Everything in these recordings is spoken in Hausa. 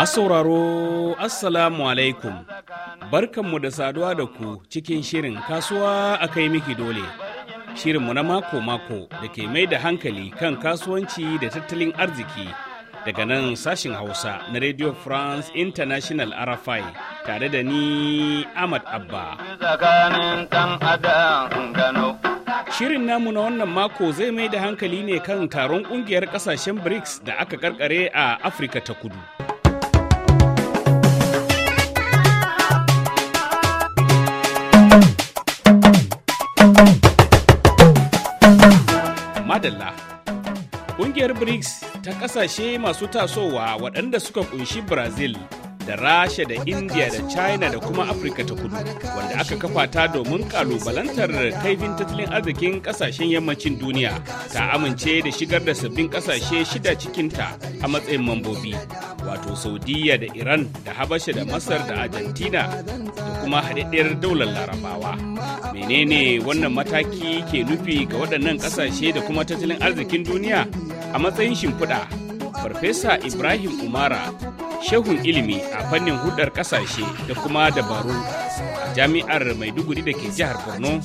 Masauraro Assalamu alaikum barkanmu da saduwa da ku cikin shirin kasuwa a kai miki dole. Shirinmu na mako-mako da ke mai da hankali kan kasuwanci da tattalin arziki daga nan sashin Hausa na Radio France International RFI tare da ni Ahmad Abba. Shirin namu na wannan mako zai mai da hankali ne kan taron ƙungiyar ƙasashen BRICS da aka karkare a Afirka ta kudu. Madalla. Ƙungiyar BRICS ta ƙasashe masu tasowa waɗanda suka ƙunshi Brazil da Rasha da India da China da kuma Afirka ta kudu wanda aka kafa ta domin ƙalubalantar kaifin tattalin arzikin ƙasashen yammacin duniya ta amince da shigar da sabbin ƙasashe shida cikinta a matsayin mambobi. wato saudiya da iran da habasha da masar da argentina da kuma haɗaɗɗiyar daular larabawa menene wannan mataki ke nufi ga waɗannan ƙasashe da kuma tattalin arzikin duniya a matsayin shimfiɗa farfesa ibrahim umara shehun ilimi a fannin hudar ƙasashe da kuma dabaru a jami'ar maiduguri da ke jihar borno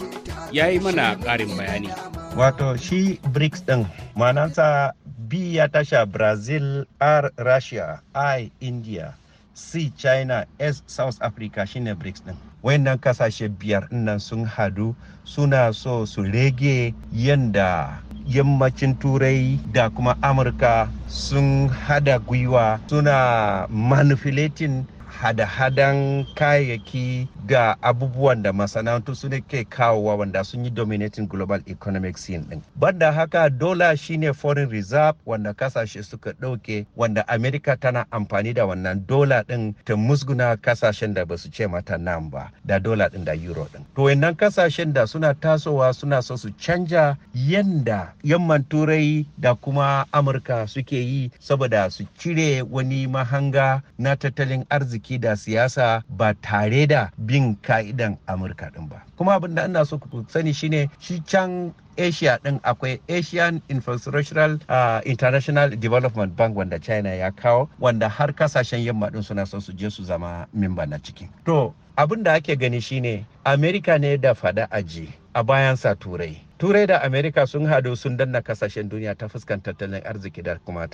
ya yi mana ƙarin bayani wato shi brics ɗin manansa ya tasha brazil r russia i india c china s south africa shine brics din wayannan kasashe biyar nan sun hadu suna so su rege yanda yammacin turai da kuma amurka sun hada gwiwa suna manufiletin. hada-hadan kayayyaki ga abubuwan da masana'antu su ne ke kawowa wanda sun yi dominating global economic scene din banda haka dola shine foreign reserve wanda kasashe suka dauke wanda america tana amfani da wannan dola din ta musguna kasashen da ba su ce mata nan ba da dola din da euro din to wannan kasashen da suna tasowa suna so su canja yanda yamman turai da kuma amurka suke yi saboda su cire wani mahanga na tattalin arziki harkoki da siyasa ba tare da bin ka'idan amurka din ba kuma abin da ina so ku sani shine shi can asia din akwai asian infrastructural uh, international development bank wanda china ya kawo wanda har kasashen yamma din suna son su je su zama mimba na ciki to abin da ake gani shine amerika ne da fada aji a bayan sa turai turai da amerika sun hadu sun danna kasashen duniya ta fuskan tattalin arziki da kuma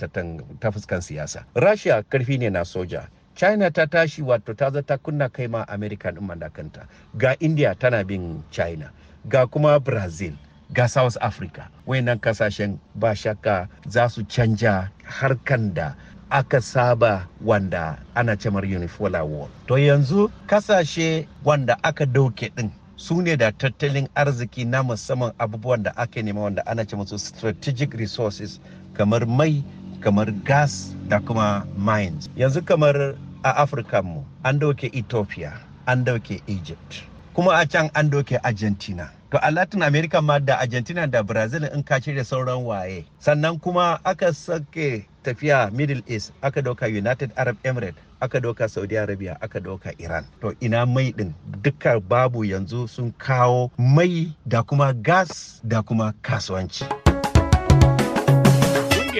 ta fuskan siyasa rasha karfi ne na soja china ta tashi wato ta ta kunna kai ma america din mandakanta ga india tana bin china ga kuma brazil ga south africa wayannan kasashen ba shakka za su canja harkan da aka saba wanda ana cemar unifola war to yanzu kasashe wanda aka dauke din su ne da tattalin arziki na musamman abubuwan da ake nema wanda ana ce su strategic resources kamar mai kamar gas da kuma mines yanzu kamar a afirka mu an dauke ethiopia an dauke egypt kuma a can an dauke argentina to a latin america ma da argentina da brazil in ka da sauran waye sannan kuma aka sake tafiya middle east aka dauka united arab emirates aka doka saudi arabia aka doka iran to ina mai din duka babu yanzu sun kawo mai da kuma gas da kuma kasuwanci.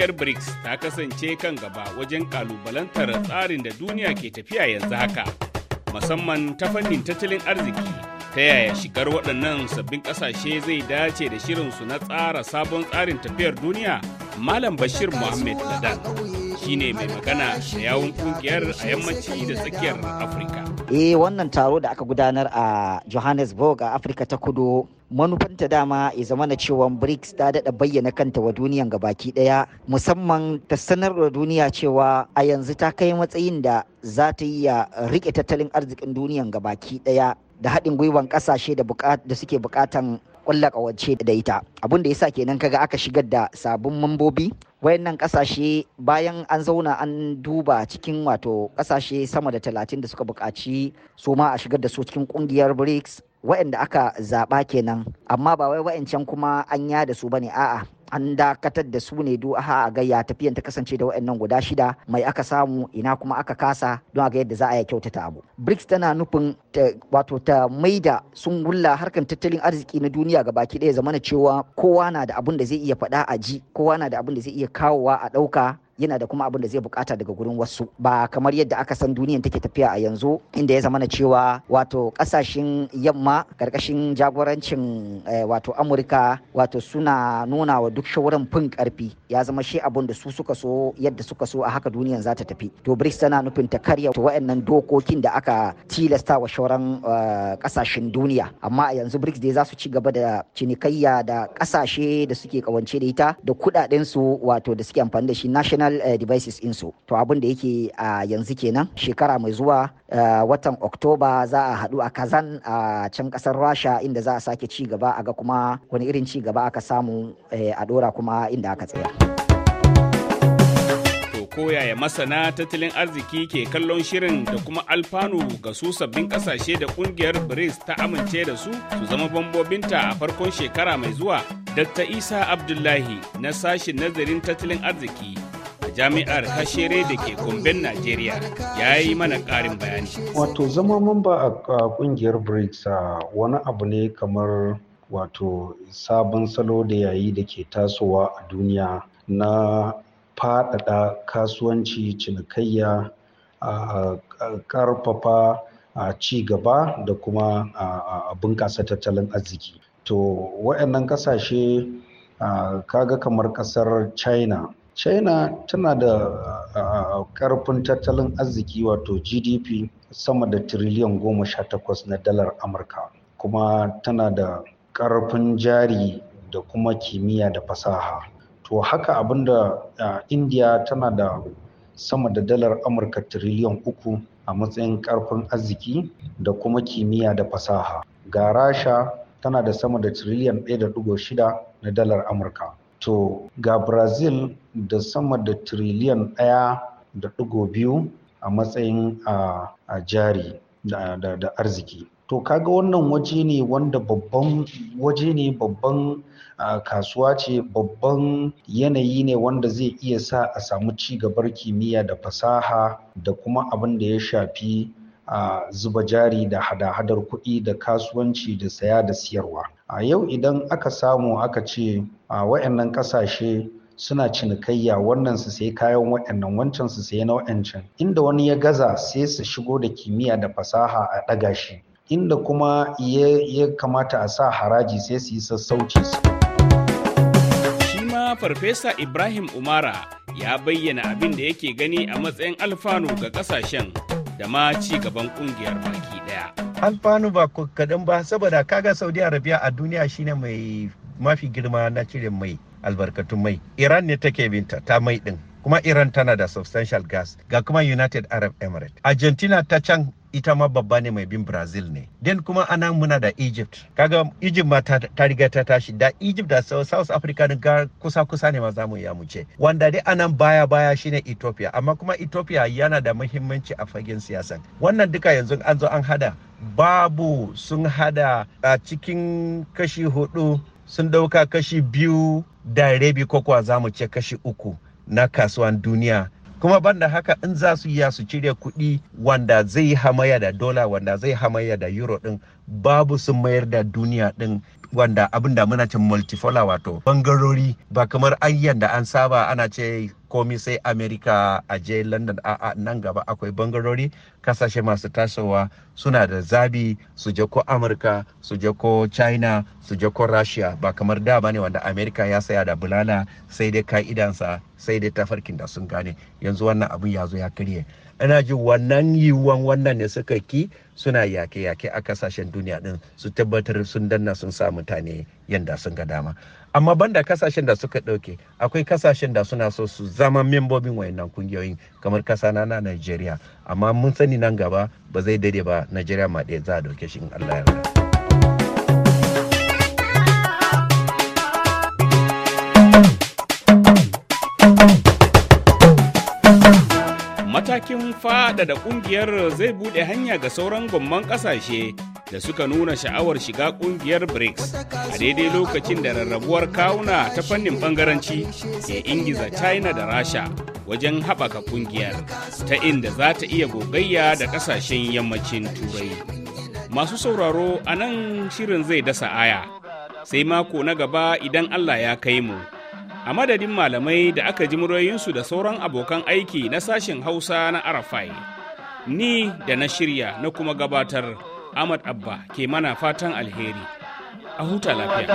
kungiyar BRICS ta kasance kan gaba wajen kalubalantar tsarin da duniya ke tafiya yanzu haka, musamman ta fannin tattalin arziki. Ta yaya shigar waɗannan sabbin ƙasashe zai dace da shirinsu na tsara sabon tsarin tafiyar duniya? Malam Bashir Mohammed Ladan shine mai magana da yawun ƙungiyar a yammaci da tsakiyar Afirka. eh wannan taro da aka gudanar a johannesburg a afirka ta kudu manufanta dama ya zama na cewa brics ta dada bayyana kanta wa duniyan gabaki daya musamman ta sanar da duniya cewa a yanzu ta kai matsayin da za ta iya rike tattalin arzikin duniyan gabaki ɗaya da haɗin gwiwan kasashe da suke bukatan. kulla kawance da ita abin da yasa kenan kaga aka shigar da sabon mambobi wayannan kasashe bayan an zauna an duba cikin wato kasashe sama da talatin da suka buƙaci su ma a shigar da su cikin kungiyar BRICS waɗanda aka zaɓa kenan amma ba wai wa'ancan kuma an ya da su bane a'a an dakatar da su ne du'a a gayya tafiyan ta kasance da waɗannan guda shida mai aka samu ina kuma aka kasa don a ga yadda za a yi kyautata abu brics tana nufin wato ta maida sun gulla harkar tattalin arziki na duniya ga baki ɗaya zamana cewa kowa na da abin da zai iya faɗa a ji kowa na da abin da zai iya kawowa a ɗauka yana da kuma abin da zai bukata daga gurin wasu ba kamar yadda aka san duniyan take tafiya a yanzu inda ya zama na cewa wato kasashen yamma karkashin jagorancin eh, wato amurka wato suna nuna wa duk shawarar fin karfi ya zama shi abin da su suka so yadda suka so a haka duniyan za ta tafi to brics tana nufin ta karya waɗannan dokokin da aka tilasta wa shauran kasashen eh, duniya amma a yanzu brics dai za su ci gaba da cinikayya da kasashe da suke kawance da ita da kuɗaɗensu su wato da suke amfani da shi national personal uh, eh, devices insu to abin da yake a yanzu kenan shekara mai zuwa eh, watan oktoba za a haɗu a kazan a can kasar rasha inda za a sake ci gaba a ga kuma wani irin ci gaba aka samu eh, a ɗora kuma inda aka tsaya. koyaya masana tattalin arziki ke kallon shirin da kuma alfanu ga su sabbin kasashe da kungiyar BRICS ta amince da su su zama bambobinta a farkon shekara mai zuwa. Dr. Isa Abdullahi na sashin nazarin tattalin arziki jami'ar hashere da ke kumbin najeriya ya yi mana ƙarin bayani wato zama mamba a ƙungiyar brics wani abu ne kamar wato sabon salo da yayi da ke tasowa a duniya na faɗaɗa kasuwanci cinikayya a ƙarfafa a ci gaba da kuma a bunƙasa tattalin arziki to waɗannan ƙasashe kaga kamar ƙasar china china tana da ah, karfin tattalin arziki wato gdp sama da tiriliyan goma sha takwas na dalar amurka kuma tana da karfin jari da kuma kimiyya da fasaha to haka abinda ah, india tana da sama da dalar amurka tiriliyan uku a matsayin karfin arziki da kuma kimiyya da fasaha ga rasha tana da sama da tiriliyan 1.6 na dalar amurka to ga brazil da sama da triliyan ɗaya da ɗigo biyu a matsayin a jari da arziki to kaga wannan waje ne wanda babban waje ne babban kasuwa ce babban yanayi ne wanda zai iya sa a samu ci gabar kimiyya da fasaha da kuma abin da ya shafi a zuba jari da hada-hadar kuɗi da kasuwanci da saya da siyarwa a yau idan aka samu aka ce a wayannan ƙasashe suna cinikayya wannan su sai kayan wayannan wancan su sai na wayancan inda wani ya gaza sai su shigo da kimiyya da fasaha a ɗaga shi inda kuma ya kamata a sa haraji sai su yi sassauci su Farfesa Ibrahim Umara ya bayyana abin da yake gani a matsayin alfanu ga kasashen da ma ci gaban kungiyar baki daya. Alfanu ba kaɗan ba saboda kaga Saudi Arabia a duniya shine mai mafi girma na cire mai albarkatun mai. Iran ne take binta ta mai din. kuma Iran tana da substantial gas ga kuma United Arab Emirates. Argentina ta can ita ma babba ne mai bin brazil ne den kuma anan muna da egypt kaga egypt ma ta, riga ta tashi da egypt da south africa ga kusa kusa ne ma za mu iya mu ce wanda dai anan baya baya shine ethiopia amma kuma ethiopia yana da muhimmanci a fagen siyasa. wannan duka yanzu an zo an hada babu sun hada a cikin kashi hudu sun dauka kashi biyu da rabi ko kuwa za mu ce kashi uku na kasuwan duniya kuma banda haka in za su iya su cire kuɗi wanda zai hamaya da dola wanda zai hamaya da euro ɗin babu sun mayar da duniya ɗin wanda abinda muna cin multifola wato bangarori ba kamar ayyan da an saba ana ce komi sai amerika a je london a'a nan gaba akwai bangarori kasashe masu tasowa suna da zabi su je ko amurka su je ko china su je ko russia ba kamar da ba ne wanda amerika ya saya da bulala sai dai ka'idansa sai dai tafarkin da sun gane yanzu wannan abin ya zo ya karye ina ji wannan yiwuwan wannan ne suka ki suna yake-yake a kasashen duniya din su tabbatar sun danna sun sa mutane yanda sun ga dama amma banda kasashen da suka ɗauke akwai kasashen da suna so su zama membobin wayannan kungiyoyin kamar kasa na Najeriya amma mun sani nan gaba ba zai dade ba Najeriya ma ɗaya za a ɗauke shi in Allah ya Matakin faɗaɗa ƙungiyar zai buɗe hanya ga sauran gomman ƙasashe da suka nuna sha'awar shiga kungiyar BRICS a daidai lokacin da rarrabuwar kawuna ta fannin bangaranci ke ingiza China da Rasha wajen haɓaka kungiyar ta inda za ta iya gogayya da ƙasashen yammacin Turai. Masu sauraro a nan shirin zai dasa aya, sai mako na gaba idan Allah ya kai mu. A madadin malamai da aka ji muryoyinsu da sauran abokan aiki na sashen Hausa na Arafai, ni da na shirya na kuma gabatar. Ahmad Abba ke mana fatan alheri. A huta lafiya.